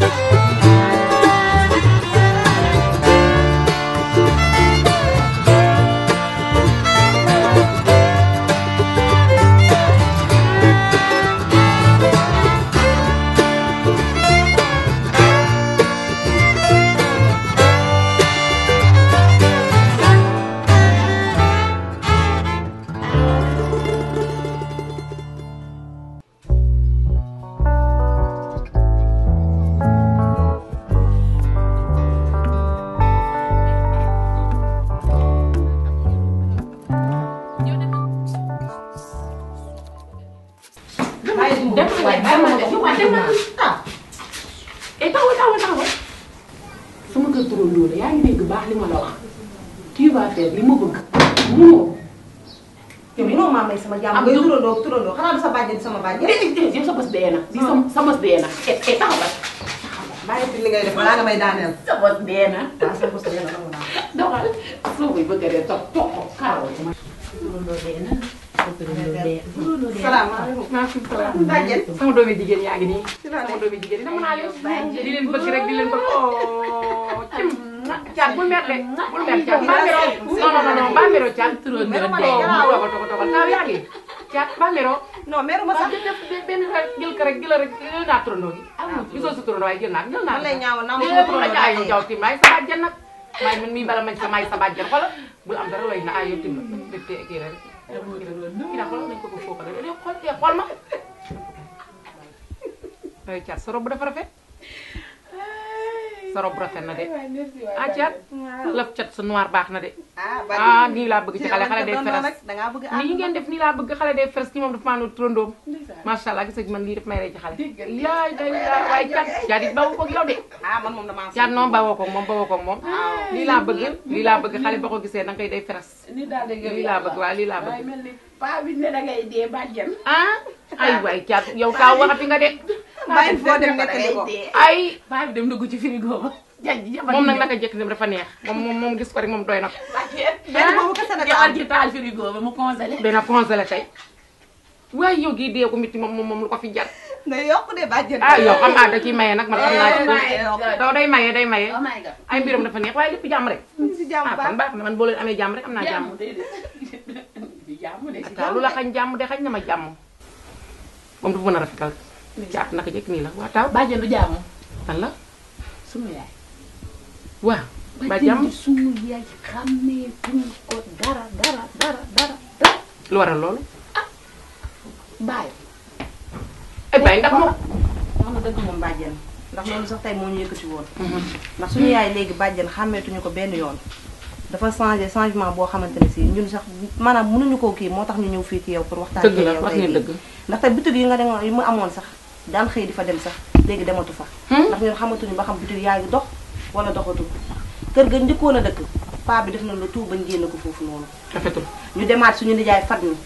thank you ma def waaw dem naa ah. et taxawal taxawal taxawal sama kër turandoo la yaa ngi dégg baax li ma la wax tu vas faire li ma bëgg munoo. te munoo maa may sama jàmm. ngay turandoo turandoo xanaa du sa bàjjen sama bàjjen. déedéet yow sa bës dee na. di sa sa bës dee na et et taxawal. maa ngi fi li ngay def balaa nga may daaneel. sa bës dee na. waaw sa bës dee na doxal soo koy bëgg a dee toog toog ko kaaw. turandoo dee na. salaamaaleykum maaleykum salaam. bàjjen sama doomi jigéen yaa ngi nii. sama doomi jigéen dama naa leen. di leen bëgg rek di leen bëgg oo cim. caat bul mer de bul mer caat bambero non non non bambero caat. meruma de garaaw toog toog toog naaw yaa ngi caat bambero. non meruma sax def benn jël ko rek jël rek jël naa turandoo gi. gisoo sa turandoo waaye jël naa jël naa. lay ñaaw naa ma turandoo gi ay jaw tim maay sa bàjjen nag. maay man mii bala mañ sa maay sa bàjjen xoolal bul am dara looy na ay yow tim la. dama dama nuyu naa ko ba foofa rek da ngay xool tey xool ma. mooy car sa robe dafa sa rob rafet na de a cat lëf cat sa noir baax na de ah, ah nii laa bëgg ci xale xale day feres lii ngeen def nii laa bëgg xale de feres ki moom dafa maa noo turandoom macha allah gis man lii daf may rey ci xale yaay day laa waaye cat cat it bawoo de cat ah, noonu bawoo koog moom ba koog moom ah. lii laa bëgg lii laa bëgg xale ba ko gisee da ngay day feres lii laa bëgg waaw lii laa bëgg paa bi ne da ngay dee bàjjen ah ay waay cat yow kaa waxati nga de bàyyi foo dem nekkali ko ay bàyyi dem dugg ci frigo ba. moom nag naka jëkk dem dafa neex moom moom gis ko rek moom doy na ko. benn boobu kese la taal ji taal frigo ba mu congelé. dina congelé tey. waaye yow gii dee ko miti moom moom lu ko fi jar. nga yokk de bàjjen. ah yow xam naa da ciy maye nag man xam naa ci. doo day maye day maye. ay mbiram dafa neex waaye lépp jàmm rek. si jàmm a na man boo amee jàmm rek am naa jàmm. jàmm de lu la xañ jàmm de xañ na ma jàmm. moom dafa na a li jaat naka jëkk nii la waa taw. lu jaamu. fan la. sunu yaay. waaw. bàjjenu sunu yaay xamee tuñ ko dara dara dara dara dara. lu waral loolu. ah bàyyi. ay eh, ndax moom. na dëgg moom bàjjen ndax loolu sax tey moo ñu yëkkati mhm. ko benn yoon. dafa changé changement boo xamante ne si ñun sax maanaam mënuñu koo kii moo tax ñu ñëw fii ci yow pour waxtaan. dëgg la wax nga dëgg. ndax tey bitig yi nga demoon yi mu amoon sax. daan xëy di fa dem sax léegi dematu fa hmm? ndax ñun xamatuñu ba xam bitig yaa ngi dox wala doxatu kër ga njëkkoon a dëkk paa bi def na lu tuub bañ génne ko foofu noonu rafetul ñu demaat suñu nijaay fat ni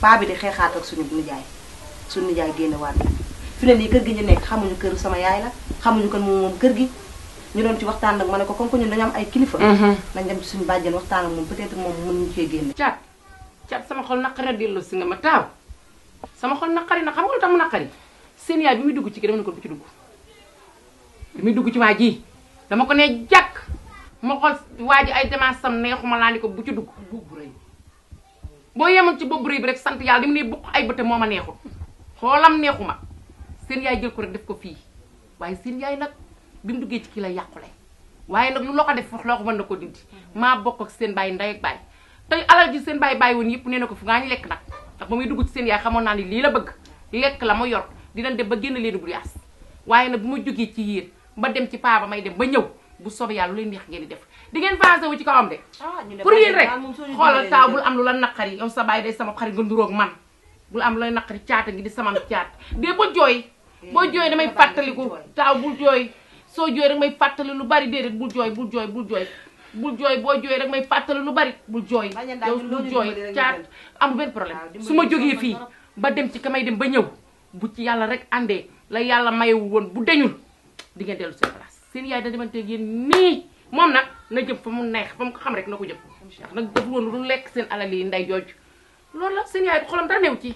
paa bi di xeexaat ak suñu nijaay suñu nijaay génn waat fi ne nii kër gi ñu nekk xamuñu kër sama yaay la xamuñu kan moom kër gi ñu doon ci waxtaan nag ma ne ko comme que ñun dañu am ay kilifa hmm. nañ dem suñu bàjjen waxtaan ak moom peut-être moom mën ñu cee génn sama xol naqari dellu si nga ma taaw sama xol na xam nga lu tax mu seen yaay bi muy dugg ci kii dama ne ko dugg ci waa ji dama ko ne jàkk ma xool waa ji ay démarches sam neexuma laa ni ko bu ci dugg boobu rëy boo yemoon ci boobu rëy bi rek sant yàlla li mu ne bukk ay bëte moo ma neexul xoolam neexuma seen yaay jël ko rek def ko fii waaye seen yaay nag bi mu duggee ci kii la yàqule waaye nag lu loo ko def loo ko mën na ko dindi maa bokk ak seen bàyyi ndey ak bàyyi tey alal ji seen bàyyi bàyyi woon yëpp nee na ko fu ngaa ñu lekk nag ndax ba muy dugg seen yaay naa ni lii la bëgg lekk la ma yor di dem ba génn leen bu yaas waaye nag bu ma jógee ci yéen ba dem ci paa ba may dem ba ñëw bu soobee yàlla lu leen neex ngeen di def di ngeen passé wu ci kawam de. Ah, pour yéen rek xoolal taa bul am lu la naqari yow sa baay day sama xarit nga nduróog man bul am lu la naqari caata ngi di sama caat dee ko jooy. boo jooy damay fàttaliku taaw bu jooy soo jooy rek may fàttali lu bari déedéet bul jooy bul jooy bu jooy. bul jooy boo jooy rek may fàttali lu bari bu jooy yow bul jooy caat amul benn problème ah, su ma jógee fii ba dem ci ka may dem ba ñëw bu ci yàlla rek àndee la yàlla may woon bu deñul di ngeen dellu seen place seen yaay da demanteeg yéen nii moom nag na jëm fa mu neex fa mu ko xam rek na ko jëm ndax nag def woon lu lekk seen alal yi nday jooju loolu la seen yaay xolam dara new ci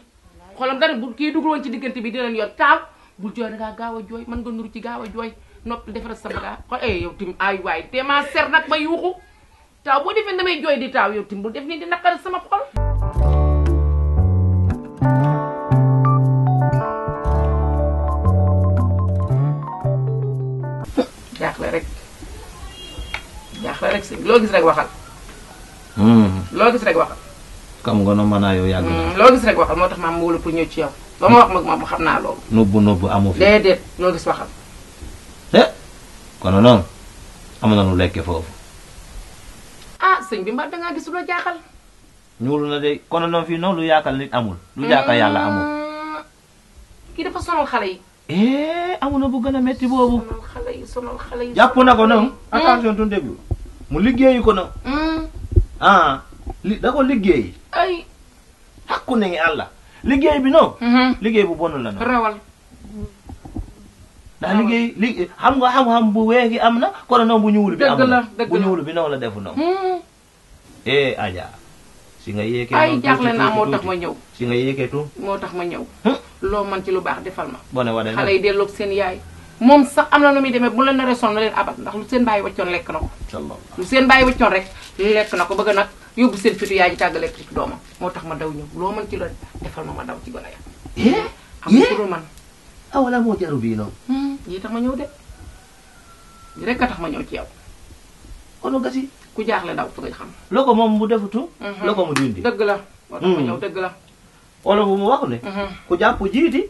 xolam dara bu kii dugg woon ci diggante bi dinañ yor taaw bul jooy da gaaw a jooy mën nga nuru ci gaaw a jooy noppi defaral sa bagage xol eh yow tim ay waay te ma ser nag ma yuuxu taaw boo defee damay jooy di taaw yow tim bul def nii di naqari sama xol rek loo gis rek waxal. Hmm. loo gis rek waxal. xam nga no mën a yow yàgg na. Hmm, loo gis rek waxal moo tax maam mu wóolu pour ñëw ci yow. ba ma wax nag moom xam naa loolu. nubbu nubbu amu loo gis waxal. eh na lu lekk foofu. ah sëñ bi mbaa da ngaa gis lu jaaxal. na de kono noonu fii noonu lu yaakaar nit amul. lu yaakaar yàlla amul. Hmm, kii dafa sonal xale yi. eh bu gën a métti boobu. sonal xale yi sonal jàpp na ko noonu. attention tout début. mu liggéey ko na hmm. ah li da ko liggéeyi ay hakku liggéey bi non mm-hmm. liggéey bu bon la no rewal ndax liggéey li nga xam-xam bu weexi am na kono noon bu ñuul bi am na bu bi noonu la defu noonu hmm. eh aja si nga yéekee ay jaaxle naa moo tax ma ñëw si nga yéekee tuuti moo tax ma ñëw loo man ci lu baax defal ma bone wa xale yi delloog seen yaay moom sax am na nu muy demee bu la naree sonn na leen abat ndax lu seen bàyyi waccoon lekk na ko lu seen bàyyi waccoon rek lekk na ko bëgg nag yóbbu seen fitu yaay ji tàggaleek ci doomam moo tax ma daw ñëw loo mën ci loolu defal ma ma daw ci gone ya am na ku dul man ah wala moo jaru bii noonu hmm, yii tax ma ñëw de rek a tax ma ñëw ci yow kon gasi ku jaaxle daw fu nga xam loo ko moom bu defutu hmm, hmm. loo ko mu dindi dëgg la moo tax ma ñëw dëgg la olof bu mu wax ne. Mhm. ku jàpp jiiti.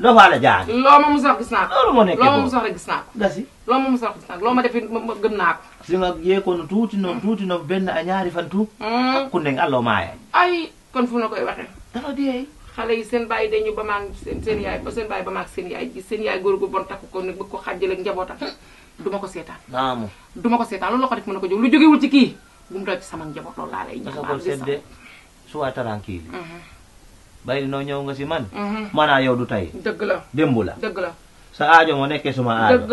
loo mhm. faale jaage. loo ma musax gis naa ko. loolu moo nekkee loo ma musax rek gis naa ko. gasi loo ma musax gis ko loo ma defi gëm naa ko. si nga yeekoon tuuti noonu mhm. tuuti noonu benn ñaari fan tuut. ku ne nga alloo maaye. ay kon fu na koy waxee. dara dee. xale yi seen bàyyi dañu ba ba seen bàyyi ba maan seen yaay ji seen yaay góor gu bon takku ko ne bëgg ko xàjjale ak njabootam duma ko seetaan. naamu duma ko seetaan loolu la ko def na ko jóg lu jógewul ci kii bu mu doon ci sama njaboot loolu laa lay. ñax maa ngi bàyyil noo ñëw nga si man mhm. maanaa yow du tey dëgg la démb la dëgg la sa aajo moo nekkee suma aajo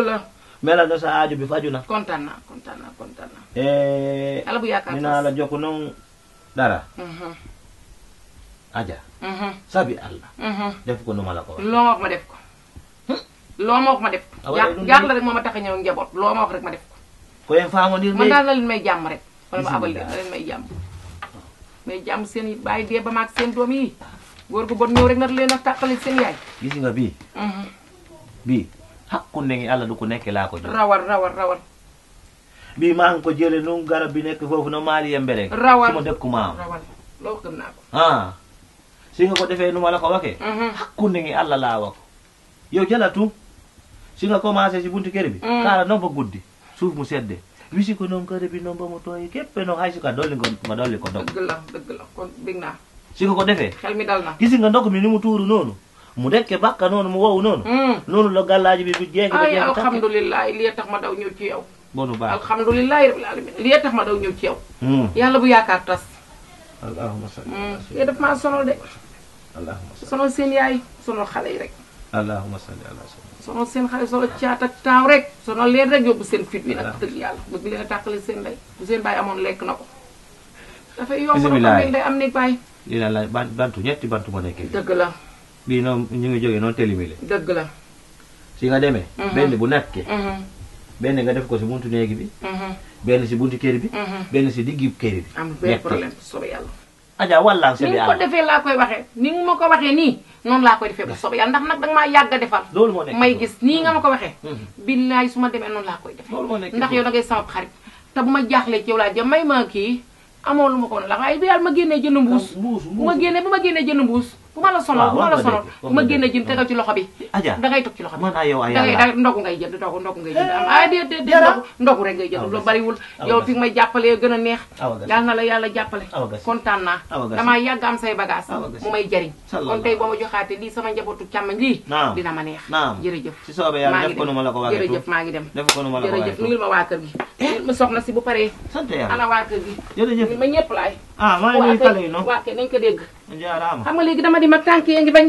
melal na sa aajo bi faju na kontaan naa kontaan naa kontaan eh, ala bu yaakaar dinaa la jokk noonu dara mhm. aja mhm. allah def ko nu ma la ko wax loo ma ma def ko hm? loo ma def ko jaar ah, ma tax a ma def ko koyen faamo ndir may jàmm rek wala ma abal leen na leen may jàmm may jàmm seen yi bàyyi dee ba maag seen doom yi góor gu bon ñëw rek nar leen a tàqali seen yaay. nga bii. Mm-hmm. bii xàqu ne ngi àlla du ku nekke laa ko jox. rawar rawar rawar. bii maa ngi ko jëlee nu garab bi nekk foofu na maa yembe rek. rawar su ma dëkku maam. rawar loo gëm naa ah. si nga ko defee nu ma la ko waxee. Mm-hmm. xàqu ne ngi àlla laa wax. yow jalatu si nga commencé si buntu kër bi. Mm. kaala noonu ba guddi suuf mu sedde wisi ko noonu kër bi noonu ba mu tooy képp noonu xay si ka dolli ko ma dolli dog. la dëgg naa. si nga ko defee. xel mi dal na gis nga ndox mi ni mu tuuru noonu. mu dekke bàkka noonu mu wow noonu. noonu mm. la gàllaaji bi du jeexi ba jeexi tàkk alhamdulilah liy tax ma daw ñëw ci yow. bonu baax alhamdulilah rabbil alamin liy tax ma daw ñëw ci yow. Mm. yàlla bu yaakaar tas. allahumma salli ala mm. daf maa sonal de. allahumma salli sonal seen yaay sonal xale yi rek. allahumma salli ala sonal seen xale sonal caat ak taaw rek. sonal leen rek yóbbu seen fit bi nag. dëgg yàlla bëgg leen a tàqale seen ndey bu seen baay amoon lekk na ko. dafay yomb a am ne baay lii daal la bantu ñetti bantu moo nekkee. dëgg la. bii noonu ñu ngi jógee noonu télimile. dëgg la. si nga demee. benn bu nekkee. benn nga def ko si buntu néegi bi. benn si buntu kër bi. benn si digg kër bi. am benn problème soob yàlla. Adja wallaahi soob yàlla laa koy waxee ni nga ma ko waxee nii noonu laa koy defee ba soob yàlla ndax nag danga maa yàgg a defal. loolu may gis nii nga ma ko waxee. billaay su ma demee noonu laa koy defee. ndax yow dangay sama xarit te bu ma jaaxlee ci yow laa jëm may ma kii amoon lu ma ko la waaye bi yàlla ma génnee jënd mbuus bu ma génnee bu ma génnee jënd buus bu ma la sonal bu ma la sonal bu ma génne jën tegal ci loxo bi da ngay toog ci loxo bi man yow ay yàlla da ngay ndogu ngay jënd ndogu ndogu ngay jënd am eh, ah déet déet déet ndogu ndogu rek ngay a la yàlla jàppale kontaan naa damaa yàgg am say bagage mu may jariñ kon tey boo ma joxaate lii sama njabootu càmmañ lii dina ma neex jërëjëf si soobee yàlla def ko nu ma la ko waxee jërëjëf maa ngi dem def ko nu ma la ko waxee jërëjëf nuyul ma waa kër gi eh? nuyul ma soxna si bu paree sant yàlla ana gi ma ñëpp laay ah maa ngi nuyu xale xam nga léegi dama di mag tànk yee ngi bañ.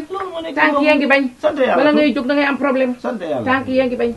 tànk yee ngi bañ. sant yàlla ngay jóg da ngay am problème. sant yàlla tànk yee ngi bañ.